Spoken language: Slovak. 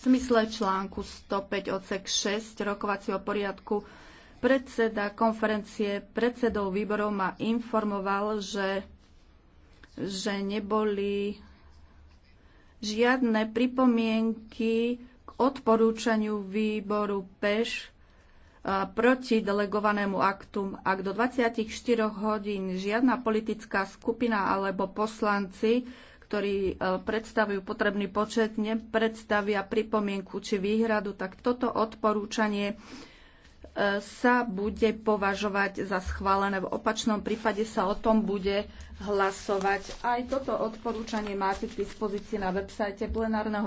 V zmysle článku 105 odsek 6 rokovacieho poriadku predseda konferencie predsedov výborov ma informoval, že, že neboli žiadne pripomienky k odporúčaniu výboru PEŠ proti delegovanému aktu. Ak do 24 hodín žiadna politická skupina alebo poslanci ktorí e, predstavujú potrebný počet, nepredstavia pripomienku či výhradu, tak toto odporúčanie e, sa bude považovať za schválené. V opačnom prípade sa o tom bude hlasovať. Aj toto odporúčanie máte k dispozícii na websajte plenárneho